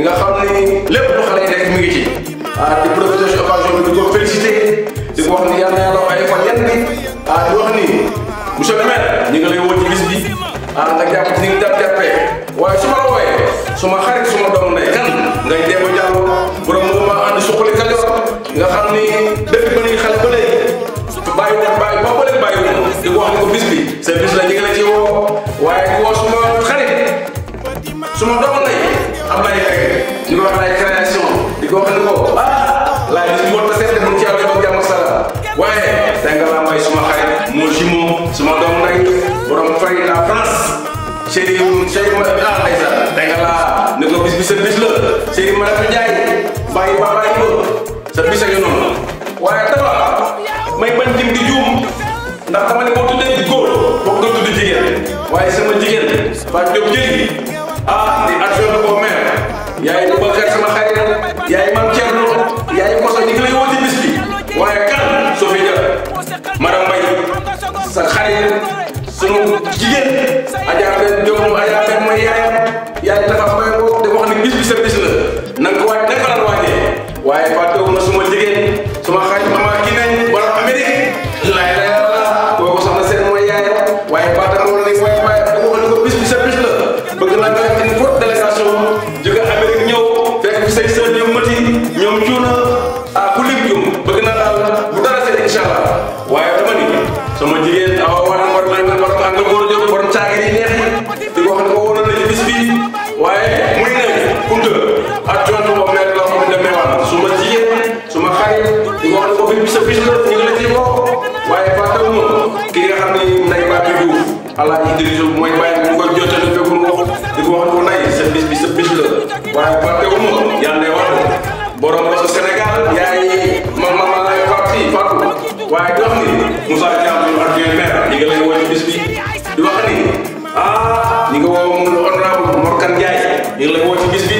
mi nga xam ne lépp lu xale yi rek mi ngi ci ah di profité si occasion bi di ko félicité di ko wax ni yàlla yàlla ay fan yan bi ah di wax ni monsieur le maire ñu ngi lay woo ci bis bi ah nga jàpp ci nga daan jàppee waaye su la wooyee su xarit su doom ndey kan ngay dee ba jàll borom mu ma ànd suqali kajoor nga xam ni dëkk ba ni xale ba léegi bàyyi woon bàyyi boo ko leen bàyyi woon di ko wax ni ko bis bi sa bis la ñu ngi la ci woo waaye ku woo Servis lo, sini mana kerjain bayi bapak lo, servis aja nol. Wah, itu lah, main penting di jum, nak teman di waktu dia di gol, waktu itu di jigen Wah, sama jigen bantu jigen Ah, di acuan ke komen, ya ibu bakar sama kalian, ya imam cerno, ya ibu kosong di keliru di bisli. Wah, ya kan, sofia, marah bayi, sakari, sungguh moom ki nga xam ni Ndeye Mbathio Diouf allah ci dirige mooy bàyyi mu koy jottali fekk mu wax di ko nay sa bi sa la waaye fàtte wu ma yàlla wax borom rosu Sénégal yaay ma ma ma lay wax fii fàttu waaye di wax ni Moussa Diagne ñun adjoint maire ñi lay woowee bis bi di wax ni ah lay woo ci bis bi.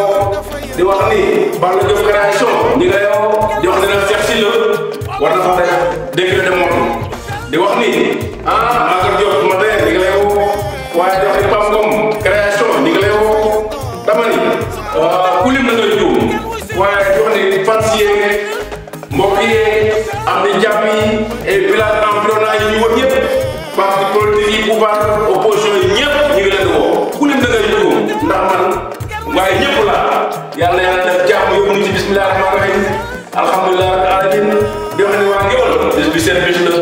di wax ni Balla Diouf création ñi nga yow di wax ne nag Cheikh Sylla war na fa def décret de mort di wax ni ah. yàlla yàlla def jàmm yóbbu ñu ci bisimilah rahmaani rahiim alhamdulilah rabbil alamin di wax ne waa Ngéwal bis bi seen bis la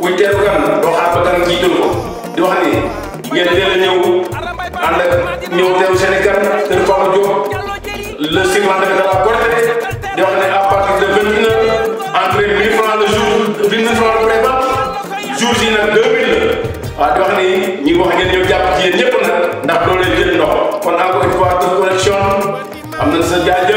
kuy teeru gan doo xaar ba gan jiital ko di wax ni ngeen teel a ñëw ànd ak ñëw teeru seen i gan seen Fama Diop le cinquante de la Korité di wax ne à partir de vingt une heures entrée mille francs le jour vingt mille francs le prévente jours yi nag deux mille la waaw di wax ni ñi wax ngeen ñëw jàpp ci yéen ñëpp I'm not saying God